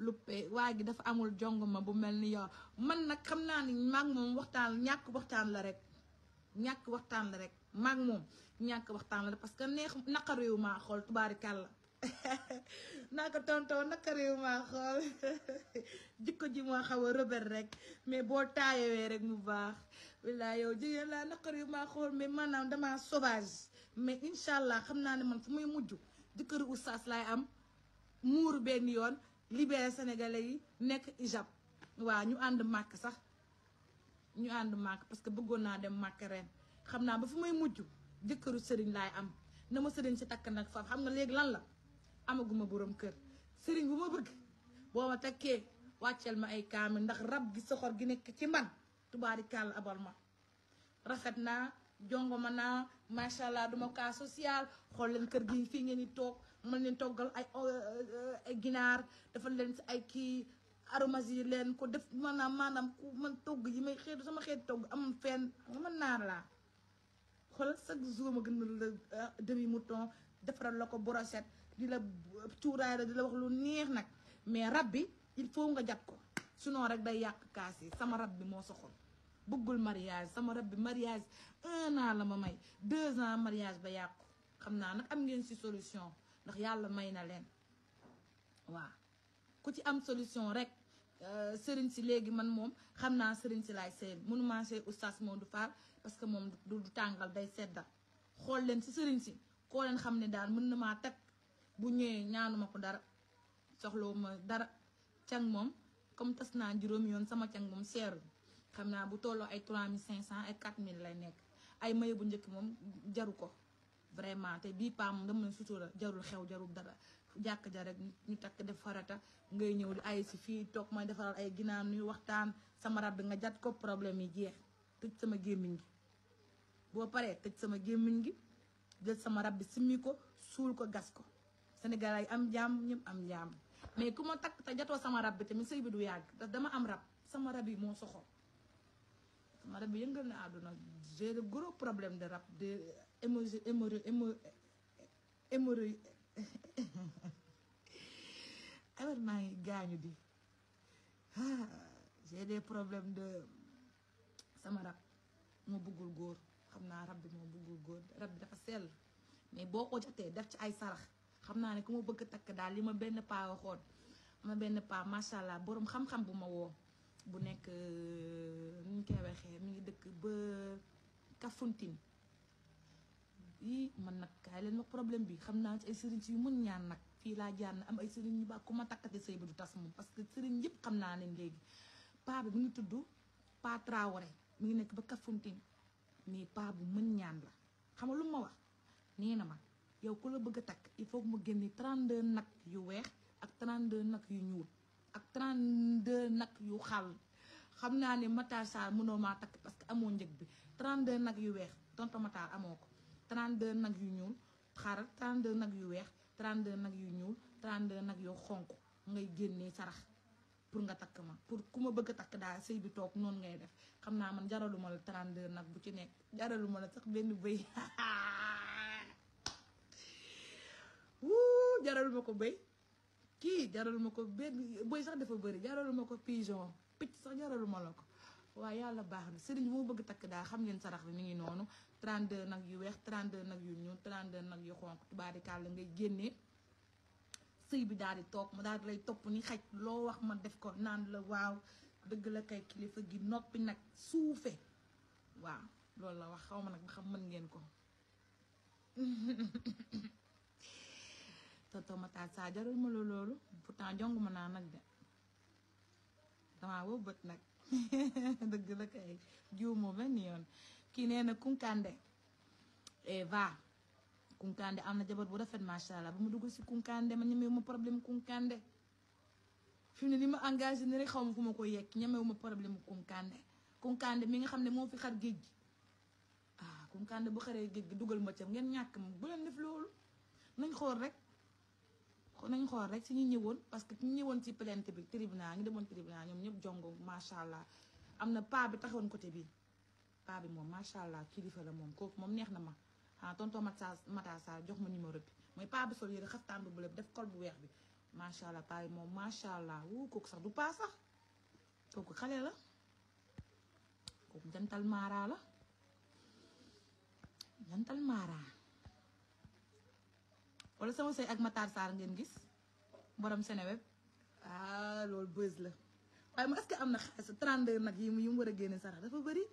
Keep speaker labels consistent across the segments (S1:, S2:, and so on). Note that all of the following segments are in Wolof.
S1: luppe waa gi dafa amul jongoma bu mel ni yow man nag xam naa ni maag moom waxtaan ñàkk waxtaan la rek ñàkk waxtaan la rek maag moom ñàkk waxtaan la rek parce que neex naqariwu maa xool tubaarikàlla naa ko tontoo naqariwu maa xool jikko ji moo xaw a rëbër rek mais boo taayewee rek mu baax walla yow jigéen laa naqariwu maa xool mais manaam damaa sauvage mais incha allah xam naa ne man fu muy mujj jëkkëru oustaz laay am muuru benn yoon libéré sénégalais yi nekk ijab waa ñu ànd màkk sax ñu ànd màkk parce que bëggoon naa dem màkk ren xam naa ba fu may mujj jëkkëru sëriñ laay am na ma sëriñ si takk nag faaf xam nga léegi lan la amaguma borom kër sëriñ bu ma bëgg boo ma takkee wàcceel ma ay kaamil ndax rab gi soxor gi nekk ci man tubaari kàll abal ma rafet naa jongo naa macha allah duma cas social xool leen kër gi fii ngeen di toog mën leen toggal euh, euh, ay ginaar defal leen si ay kii aromas leen ko def manaam maanaam ku man togg yi may xeetu sama xeet togg am fenn nga mën naar laa xoolal chaque jour ma gën la euh, demi mouton defaral la ko brochette di la cuuraay la di la wax lu neex nag mais rab bi il faut nga jat ko sinon rek day yàq kaas yi sama rab bi moo soxol bëggul mariage sama rab bi mariage un an la ma may deux ans mariage ba yàqu xam naa nag am ngeen si solution ndax yàlla may na leen waaw ku ci am solution rek euh, sëriñ si léegi man moom xam naa sëriñ si laay sëy mënuma sëy oustaz Modou Fall parce que moom du tàngal day seddal xool leen si sëriñ si koo leen xam ne daal mën na maa teg bu ñëwee ñaanuma ko dara soxlawu ma dara càng moom comme tas naa juróom yoon sama càng moom seerul xam naa bu tolloo ay cinq 3500 ay mille lay nekk ay maye bu njëkk moom jaru ko vraiment te bii paam dama a sutura jarul xew jarul dara jàkk ja rek ñu takk def farata ngay ñëw di ay si fii toog mooy defaral ay ginaar ñuy waxtaan sama rab nga jat ko problème yi jeex tëj sama gémmiñ gi boo paree tëj sama gémmiñ gi jël sama rab bi simmi ko suul ko gas ko Sénégal yi am jàmm ñëpp am jàmm mais ku ma takk te jatoo sama rab bi tamit sëy bi du yàgg ndax dama am rab sama rab yi moo soxor sama rab yëngal na àdduna j'ai gros problème hémorroïde hémorroïde alors maa ngi gaañu di ah j'ai des problèmes de sama rab moo bëggul góor xam naa rab bi moo bëggul góor rab bi dafa sell mais boo ko jotee def ci ay sarax xam naa ne ku ma bëgg takk daal li ma benn paa waxoon ma benn paa macha allah borom xam-xam bu ma woo bu nekk euh, nu ñu koy waxee mi ngi dëkk ba Kafountine. lii man nag kaay leen wax problème bi xam naa ci ay sëriñ si yu mën ñaan nag fii laa jaan na am ay sëriñ ñu baax ku ma takkate sëy ba du tas moom parce que sëriñ yëpp xam naa leen léegi paa bi mu ngi tudd paa Traoré mi ngi nekk ba Kafountine mais paa bu mën ñaan la xam nga lu ma wax nee na ma yow ku la bëgg a takk il faut mu génne 32 nag yu weex ak 32 nag yu ñuul ak 32 nag yu xàll xam naa ne Matar Sarr mënoo maa takk parce que amoo njëg bi 32 nag yu weex tonton Matar amoo ko 32 nag yu ñuul xaaral 32 nag yu weex 32 nag yu ñuul 32 nag yu xonq ngay génnee sarax pour nga takk ma pour ku ma bëgg a takk daal sëy bi toog noonu ngay def xam naa man jaraluma la 32 nag bu ci nekk jaraluma la sax benn bëy wuu jaraluma ko bëy kii jaraluma ko benn bëy sax dafa bëri jaraluma ko pigeon picc sax jaraluma la ko waaye yàlla baax na sëriñ moo bëgg takk daa xam ngeen sarax bi mi ngi noonu 32 nag yu weex 32 nag yu ñuul 32 nag yu xonq xonk tubaarikàlla ngay génne sëy bi daal di toog mu daal di lay topp ni xaj loo wax ma def ko naan la waaw la kay kilifa gi noppi nag suufe waaw loolu la wax xaw ma nag ba xam mën ngeen ko toto mataat saa jarul ma la loolu pourtant jongu ma naa nag de damaa bët nag dëgg la kay jiw moom benn yoon kii nee na Kunkande Eva eh, Kunkande am na jabar bu rafet macha allah ba mu dugg si Kunkande ma ñemewu ma problème Kunkande fi ne li ma engagé ni rek xaw ma ku ma ko yekk ñemewu ma problème Kunkande Kunkande mi nga xam ne moo fi xar géej gi ah Kunkande bu xaree géej gi dugal ma ca ngeen ñàkk ma bu leen def loolu nañ xool rek. nañ xool rek si ñu ñëwoon parce que ñu ñëwoon ci plainte bi tribunal ñu demoon tribunal ñoom ñëpp jongo macha allah am na paa bi taxawoon côté bi paa bi moom macha allah kilifa la moom kooku moom neex na ma ah tonton Mata Mata Sarr jox ma numéro bi mooy paa bi sol yére xaftaan bu bleu bi def col bu weex bi macha allah paa bi moom macha allah wuu kooku sax du paa sax kooku xale la kooku jantal maara la jantal maara wala sama sëy ak Matar Sarr ngeen gis borom Seneweb ah loolu buzz la waaye ma est que am na xaalis 32 nag yi mu yi mu war a génne sarax dafa bëri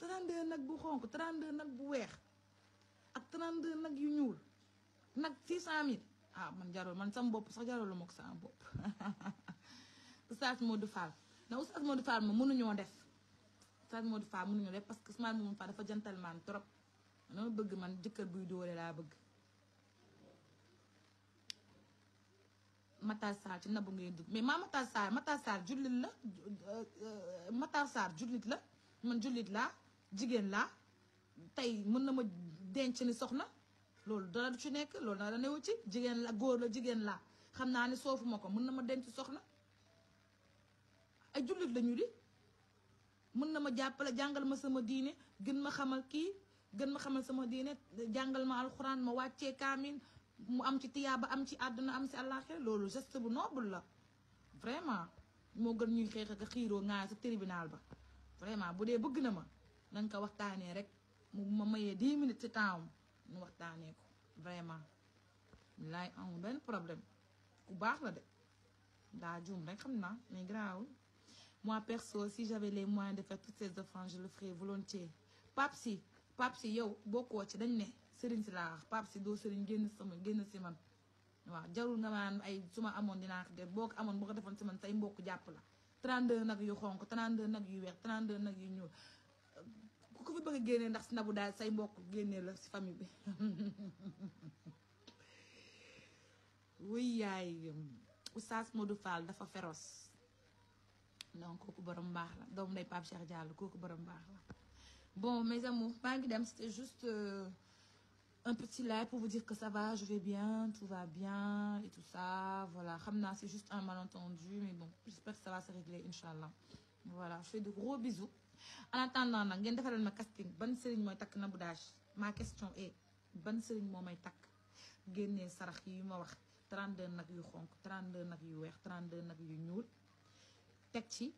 S1: 32 nag bu xonk 32 nag bu weex ak 32 nag yu ñuul nag fi 600000 ah man jarul man sama bopp sax jarul ma ko sama bopp Oustaz Modou Fall na Oustaz Modou Fall ma mënuñoo def. Oustaz Modou Fall mënuñoo def parce que Ousmane Modou Fall dafa gentleman trop dama bëgg man jëkkër buy dóore laa bëgg. Matar ci nabu ngay dugg mais maa Matar Sarr Matar Sarr jullit la euh, Matar jullit la man jullit laa jigéen laa tey mën na ma denc soxna loolu dara du ci nekk loolu dara newu ci jigéen la góor la jigéen laa xam naa ne soofuma ko mën na ma denc soxna ay jullit lañu di mën na ma jàppale jàngal ma sama diine gën ma xamal kii gën ma xamal sama diine jàngal ma alxuraan ma wàccee kaamin mu am ci ba am ci àdduna am ci àllaaxira loolu geste bu noble la vraiment moo gën ñuy xeex ak xiiroo ngaa sa tribunal ba vraiment bu dee bëgg na ma nañ ko waxtaanee rek mu ma mayee 10 minutes ci temps ñu waxtaanee ko vraiment laay amul benn problème ku baax la de daa juum rek xam naa mais garaawul moi perso si j'avais les moyens de faire toutes ces offrandes je le ferais volontiers Pape si Pape si yow bokkoo ci dañ ne sëriñ si laa wax Pape si doo sëriñ génn sama génn si man waaw jarul nga naan ay su ma amoon dinaa ko def boo ko amoon boo ko defoon si man say mbokk jàpp la 32 nag yu xonq 32 nag yu weex 32 nag yu ñuul ku fi bëgg a génnee ndax si nabu daal say mbokk génnee la si famille bi wuy yaay oustaz Modou Fall dafa feros donc kooku borom baax la doom day Pape Cheikh Diallo kooku borom baax la bon mes amours maa ngi dem c'était juste euh, un petit live pour vous dire que ça bien, tout va bien et tout ça. Voilà, Ramna, c'est juste un malentendu, mais bon, j'espère que ça va se régler, Inch'Allah. Voilà, je fais de gros bisous. En attendant, nag ngeen defaloon ma casting ban sëriñ mooy takk na Dash ma question ban sëriñ moo may takk génne sarax yi ma wax 32 nag yu xonk 32 nag yu weex 32 nag yu ñuul teg ci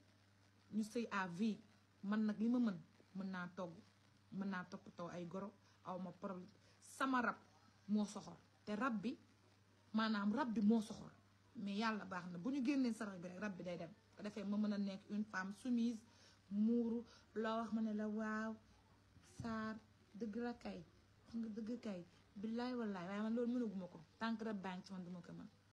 S1: ñu sëy à vie man nag li ma mën mën naa togg mën naa toppatoo ay goro aw ma problème sama rab moo soxor te rab bi maanaam rab bi moo soxor mais yàlla baax na bu ñu génnee sarax bi rek rab bi day dem defee ma mën a nekk une femme soumise muuru loo wax ma ne la waaw saar dëgg la kay wax nga dëgg kay billaay wallaay waaye man loolu mënaguma ko tànk rab baa ngi duma ko mën